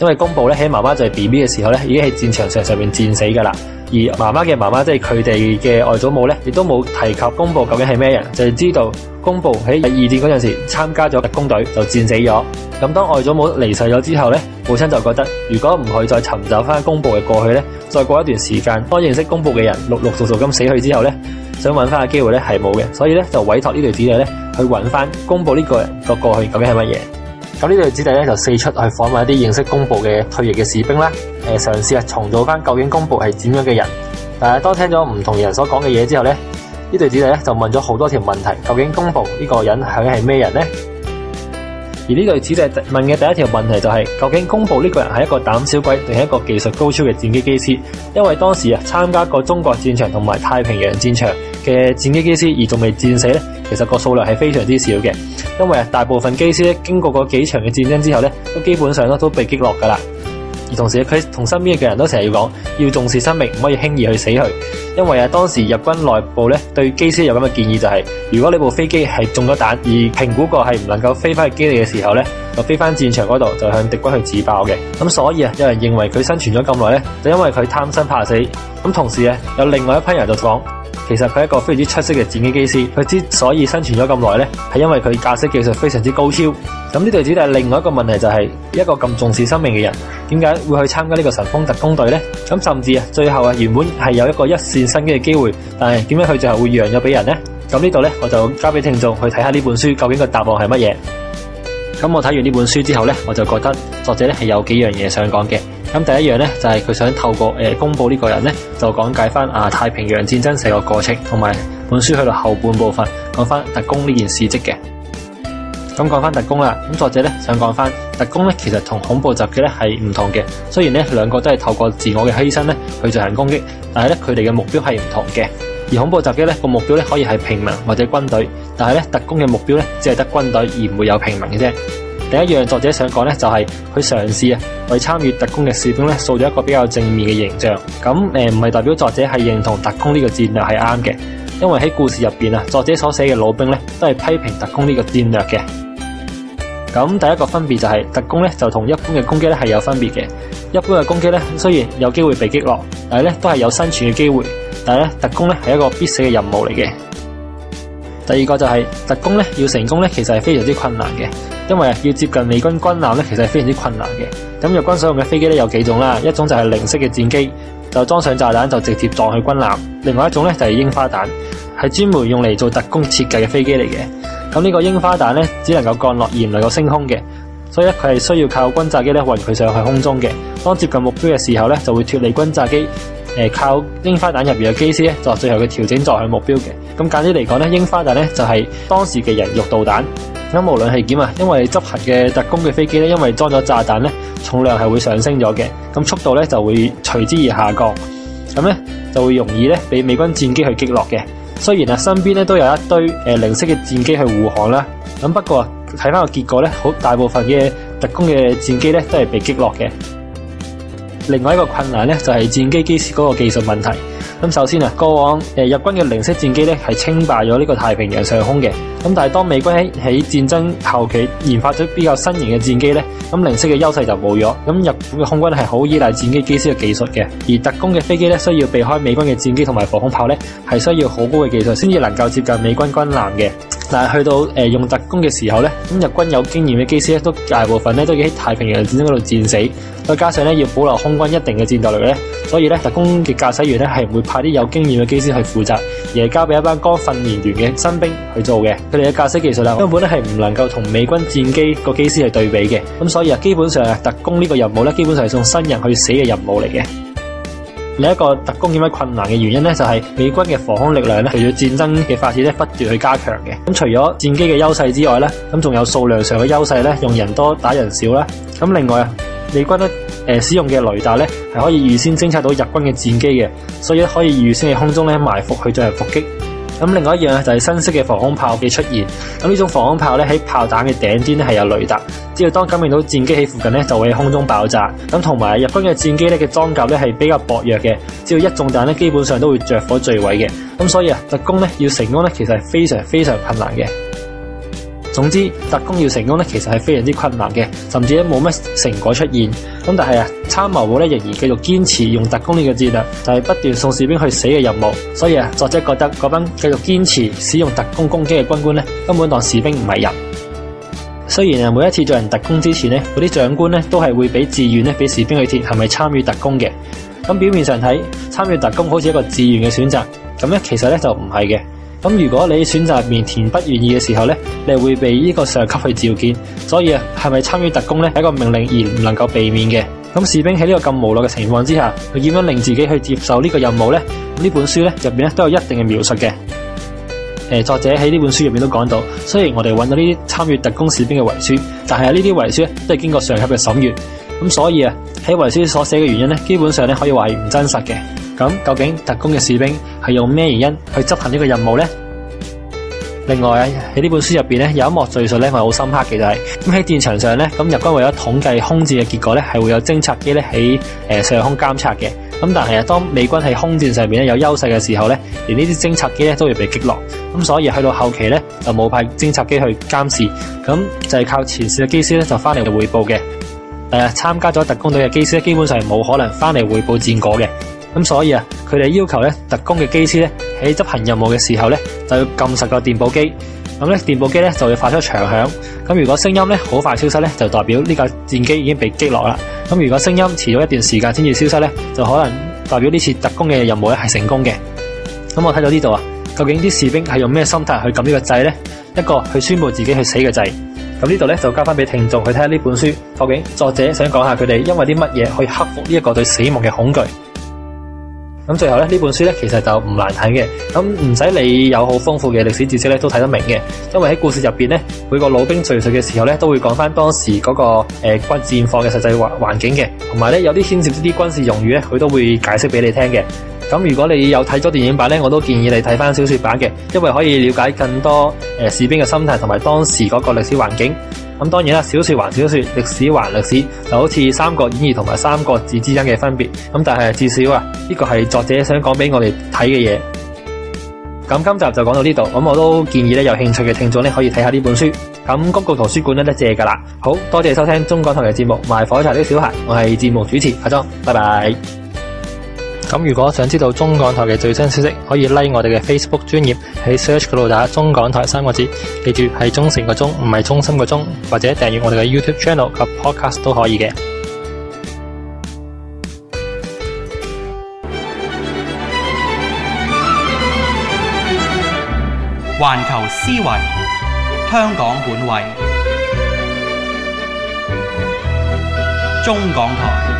因為宮部咧喺媽媽就係 B B 嘅時候咧，已經喺戰場上上面戰死噶啦。而媽媽嘅媽媽，即係佢哋嘅外祖母咧，亦都冇提及宮部究竟係咩人，就係知道宮部喺第二戰嗰陣時參加咗特攻隊就戰死咗。咁當外祖母離世咗之後咧，母親就覺得如果唔去再尋找翻宮部嘅過去咧，再過一段時間，當認識宮部嘅人陸陸續續咁死去之後咧，想揾翻嘅機會咧係冇嘅，所以咧就委託呢對子女咧去揾翻宮部呢個人個過去究竟係乜嘢。咁呢對子弟咧就四出去訪問一啲認識公布嘅退役嘅士兵啦。誒嘗試啊重做翻究竟公布係點樣嘅人。但係當聽咗唔同人所講嘅嘢之後咧，呢對子弟咧就問咗好多條問題，究竟公布呢個人係咩人呢？而呢對子弟問嘅第一條問題就係，究竟公布呢個人係一個膽小鬼定係一個技術高超嘅戰機機師？因為當時啊參加過中國戰場同埋太平洋戰場。嘅戰機機師而仲未戰死咧，其實個數量係非常之少嘅，因為啊，大部分機師咧經過過幾場嘅戰爭之後咧，都基本上咧都被擊落噶啦。而同時，佢同身邊嘅人都成日要講要重視生命，唔可以輕易去死去。因為啊，當時日軍內部咧對機師有咁嘅建議就係：如果你部飛機係中咗彈而評估過係唔能夠飛翻去基地嘅時候咧，就飛翻戰場嗰度就向敵軍去自爆嘅。咁所以啊，有人認為佢生存咗咁耐咧，就因為佢貪生怕死。咁同時咧，有另外一批人就講。其實佢係一個非常之出色嘅戰機機師，佢之所以生存咗咁耐呢，係因為佢駕駛技術非常之高超。咁呢度只係另外一個問題，就係一個咁重視生命嘅人，點解會去參加呢個神風特攻隊呢？咁甚至啊，最後啊，原本係有一個一線生機嘅機會，但係點解佢最後會讓咗俾人呢？咁呢度呢，我就交俾聽眾去睇下呢本書究竟個答案係乜嘢。咁我睇完呢本書之後呢，我就覺得作者呢係有幾樣嘢想講嘅。咁第一樣咧，就係、是、佢想透過誒、呃、公布呢個人咧，就講解翻啊太平洋戰爭成個過程，同埋本書去到後半部分講翻特攻呢件事迹嘅。咁講翻特攻啦，咁作者咧想講翻特攻咧，其實同恐怖襲擊咧係唔同嘅。雖然咧兩個都係透過自我嘅犧牲，咧去進行攻擊，但係咧佢哋嘅目標係唔同嘅。而恐怖襲擊咧個目標咧可以係平民或者軍隊，但係咧特攻嘅目標咧只係得軍隊而唔會有平民嘅啫。第一樣作者想講咧，就係佢嘗試啊為參與特攻嘅士兵咧，塑造一個比較正面嘅形象。咁誒唔係代表作者係認同特攻呢個戰略係啱嘅，因為喺故事入邊啊，作者所寫嘅老兵咧都係批評特攻呢個戰略嘅。咁第一個分別就係、是、特攻咧就同一般嘅攻擊咧係有分別嘅。一般嘅攻擊咧雖然有機會被擊落，但係咧都係有生存嘅機會。但係咧特攻咧係一個必死嘅任務嚟嘅。第二個就係、是、特攻咧，要成功咧，其實係非常之困難嘅，因為要接近美軍軍艦咧，其實係非常之困難嘅。咁日軍所用嘅飛機咧有幾種啦，一種就係零式嘅戰機，就裝上炸彈就直接撞去軍艦，另外一種咧就係櫻花彈，係專門用嚟做特攻設計嘅飛機嚟嘅。咁呢個櫻花彈咧，只能夠降落而唔能夠升空嘅，所以咧佢係需要靠轟炸機咧運佢上去空中嘅。當接近目標嘅時候咧，就會脫離轟炸機。誒，靠櫻花彈入邊嘅機師咧，作最後嘅調整，再去目標嘅。咁簡單嚟講咧，櫻花彈咧就係當時嘅人肉導彈。咁無論係點啊，因為執行嘅特攻嘅飛機咧，因為裝咗炸彈咧，重量係會上升咗嘅，咁速度咧就會隨之而下降。咁咧就會容易咧俾美軍戰機去擊落嘅。雖然啊，身邊咧都有一堆誒零式嘅戰機去護航啦。咁不過睇返個結果咧，好大部分嘅特攻嘅戰機咧都係被擊落嘅。另外一個困難咧就係戰機機師嗰個技術問題。咁首先啊，過往誒日軍嘅零式戰機咧係稱霸咗呢個太平洋上空嘅。咁但係當美軍喺戰爭後期研發咗比較新型嘅戰機咧，咁零式嘅優勢就冇咗。咁日本嘅空軍係好依賴戰機機師嘅技術嘅，而特攻嘅飛機咧需要避開美軍嘅戰機同埋防空炮咧，係需要好高嘅技術先至能夠接近美軍軍艦嘅。但係去到誒用特攻嘅時候咧，咁日軍有經驗嘅機師咧都大部分咧都喺太平洋戰爭嗰度戰死。再加上咧要保留空軍一定嘅戰鬥力咧，所以咧特攻嘅駕駛員咧係。唔會派啲有經驗嘅機師去負責，而係交俾一班剛訓練完嘅新兵去做嘅。佢哋嘅駕駛技術咧，根本咧係唔能夠同美軍戰機個機師去對比嘅。咁所以啊，基本上啊，特工呢個任務咧，基本上係送新人去死嘅任務嚟嘅。另一個特工點解困難嘅原因咧，就係美軍嘅防空力量咧，隨住戰爭嘅發展咧，不斷去加強嘅。咁除咗戰機嘅優勢之外咧，咁仲有數量上嘅優勢咧，用人多打人少啦。咁另外啊，美軍咧。誒，使用嘅雷達咧係可以預先偵察到日軍嘅戰機嘅，所以咧可以預先喺空中咧埋伏去進行伏擊。咁另外一樣咧就係新式嘅防空炮嘅出現。咁呢種防空炮咧喺炮彈嘅頂端咧係有雷達，只要當感應到戰機喺附近咧，就會喺空中爆炸。咁同埋日軍嘅戰機咧嘅裝甲咧係比較薄弱嘅，只要一中彈咧，基本上都會着火墜毀嘅。咁所以啊，特攻咧要成功咧，其實係非常非常困難嘅。總之，特攻要成功咧，其實係非常之困難嘅，甚至咧冇乜成果出現。咁但係啊，參謀部咧仍然繼續堅持用特攻呢個戰略，就係不斷送士兵去死嘅任務。所以啊，作者覺得嗰班繼續堅持使用特攻攻擊嘅軍官咧，根本當士兵唔係人。雖然啊，每一次做人特攻之前咧，嗰啲長官咧都係會俾自願咧俾士兵去填係咪參與特攻嘅。咁表面上睇，參與特攻好似一個自願嘅選擇。咁咧，其實咧就唔係嘅。咁如果你選擇面填不願意嘅時候咧，你會被呢個上級去召見，所以啊，係咪參與特攻咧係一個命令而唔能夠避免嘅。咁士兵喺呢個咁無奈嘅情況之下，佢點樣令自己去接受呢個任務咧？呢本書咧入邊咧都有一定嘅描述嘅。誒，作者喺呢本書入邊都講到，雖然我哋揾到呢啲參與特攻士兵嘅遺書，但係呢啲遺書咧都係經過上級嘅審閱，咁所以啊，喺遺書所寫嘅原因咧，基本上咧可以話係唔真實嘅。咁究竟特工嘅士兵係用咩原因去執行呢個任務呢？另外喺呢本書入邊咧，有一幕敘述咧，我好深刻嘅就係咁喺戰場上咧，咁日軍為咗統計空戰嘅結果咧，係會有偵察機咧喺誒上空監察嘅。咁但係啊，當美軍喺空戰上面咧有優勢嘅時候咧，連呢啲偵察機咧都要被擊落咁，所以去到後期咧就冇派偵察機去監視，咁就係、是、靠前線嘅機師咧就翻嚟匯報嘅。誒，參加咗特工隊嘅機師咧，基本上係冇可能翻嚟匯報戰果嘅。咁所以啊，佢哋要求咧特工嘅機師咧喺執行任務嘅時候咧就要撳實個電報機。咁咧電報機咧就會發出長響。咁如果聲音咧好快消失咧，就代表呢架戰機已經被擊落啦。咁如果聲音遲咗一段時間先至消失咧，就可能代表呢次特工嘅任務係成功嘅。咁我睇到呢度啊，究竟啲士兵係用咩心態去撳呢個掣咧？一個去宣布自己去死嘅掣。咁呢度咧就交翻俾聽眾去睇下呢本書，究竟作者想講下佢哋因為啲乜嘢去克服呢一個對死亡嘅恐懼？咁最後咧，呢本書咧其實就唔難睇嘅。咁唔使你有好豐富嘅歷史知識咧，都睇得明嘅。因為喺故事入面咧，每個老兵敍述嘅時候咧，都會講翻當時嗰、嗰個軍、呃、戰況嘅實際環境嘅，同埋咧有啲牽涉啲軍事用語咧，佢都會解釋俾你聽嘅。咁如果你有睇咗電影版呢，我都建議你睇翻小說版嘅，因為可以了解更多誒士兵嘅心態同埋當時嗰個歷史環境。咁當然啦，小說還小說，歷史還歷史，就好似《三國演義》同埋《三國志》之間嘅分別。咁但係至少啊，呢個係作者想講俾我哋睇嘅嘢。咁今集就講到呢度，咁我都建議咧有興趣嘅聽眾咧可以睇下呢本書。咁公共圖書館咧都借噶啦，好多謝收聽中港台嘅節目《賣火柴的小孩》，我係節目主持阿莊，拜拜。咁如果想知道中港台嘅最新消息，可以 l、like、我哋嘅 Facebook 專頁，喺 search 嗰度打中港台三個字，記住係忠誠個忠，唔係中心個中，或者訂閱我哋嘅 YouTube channel 及 Podcast 都可以嘅。環球思維，香港本位，中港台。